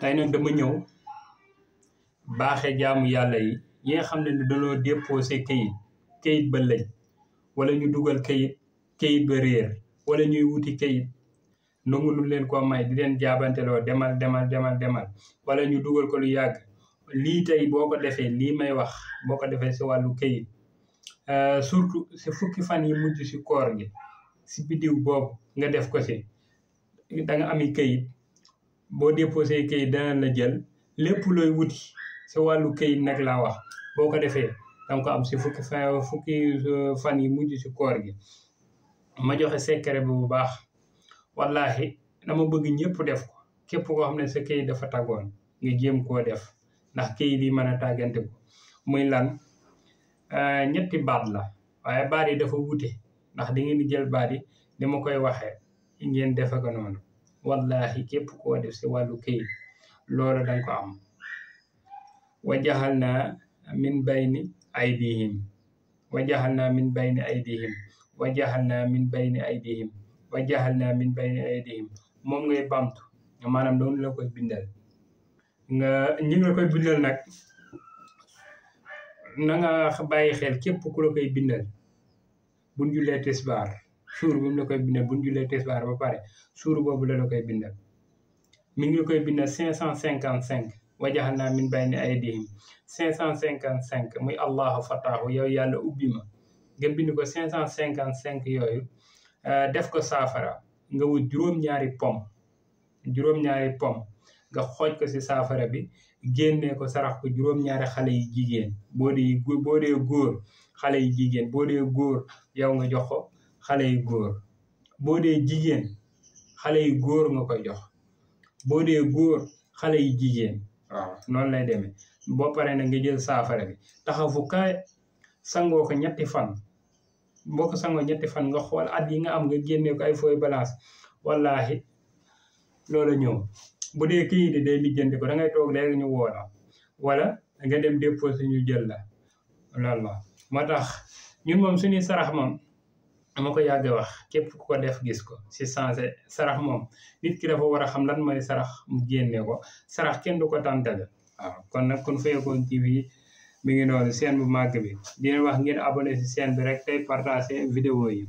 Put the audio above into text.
tey nag dama ñëw baaxe jaamu yàlla yi yi nga xam ne ne dañoo se kayit kayit ba lëj wala ñu dugal kayit kayit ba réer wala ñuy wuti kayit nangu lu leen ko may di leen jaabanteloo demal demal demal demal wala ñu dugal ko lu yàgg lii tey boo ko defee lii may wax boo ko defee si wàllu kayit euh, surtout si fukki fan yi mujj si koor gi si biddiw boobu nga def ko si da ami kayit boo déposé kayit dana la jël lépp looy wuti sa wàllu kayit nag la wax boo ko defee danga ko am si fukki fa fukki euh, fan yi mujj si koor gi ma joxe secret bi bu baax wallahi dama bëgg ñëpp def ko képp koo xam ne sa kayit dafa tagoon nga jéem koo def ndax kayit yi mën a tàggante ko muy lan euh, ñetti baat la waaye baat yi dafa wute ndax di ngeen di jël baat yi ni ma koy waxee ngeen defe ko noonu wallahi képp koo def si wàllu këyit loola danga ko am wa jaxal naa min bayni aydihim wa jaxal naa min bayni aydihim wa jaxal naa min bayni aydihim wa jaxal naa min bayni aydihim moom ngay bamtu maanaam doon la koy bindal nga ñi nga koy bindal nag na nga bàyyi xel képp ku la koy bindal buñ jullee suur bu mu la koy bindal bu ñu jullee tisbaar ba pare suur boobu la la koy bindal mi ngi koy bindal cinq cent cinquante cinq wa jaxalnaa min bayni aydihim cinq cent cinquante cinq muy fa fataahu yow yàlla ubbi ma nga bind ko cinq cent cinquante cinq yooyu euh, def ko saafara nga wut juróom-ñaari pom juróom-ñaari pom nga xooj ko ci saafara bi génnee ko sarax ko juróom-ñaari xale yi jigéen boo dee boo dee góor xale yi jigéen boo dee góor yow nga jox ko xale yu góor boo dee jigéen xale yu góor nga koy jox boo dee góor xale yu jigéen waaw noonu lay demee boo paree nag nga jël saafara bi taxafu kaay sangoo ko ñetti fan boo ko sangoo ñetti fan nga xool at yi nga am nga génnee ko ay fooy balance wallahi loola ñëw bu dee kii di day lijjanti ko da ngay toog léegi ñu woo la wala nga dem déposé ñu jël la loolu moo tax ñun moom suñuy sarax moom dama ko yàgg wax képp ku ko def gis ko si sensé sarax moom nit ki dafa war a xam lan mooy sarax mu génne ko sarax kenn du ko tàntale waaw kon nag kon Foyekonte TV mi ngi noonu seen bu màgg bi di wax ngeen abonné si seen bi rek tey partagé vidéo yi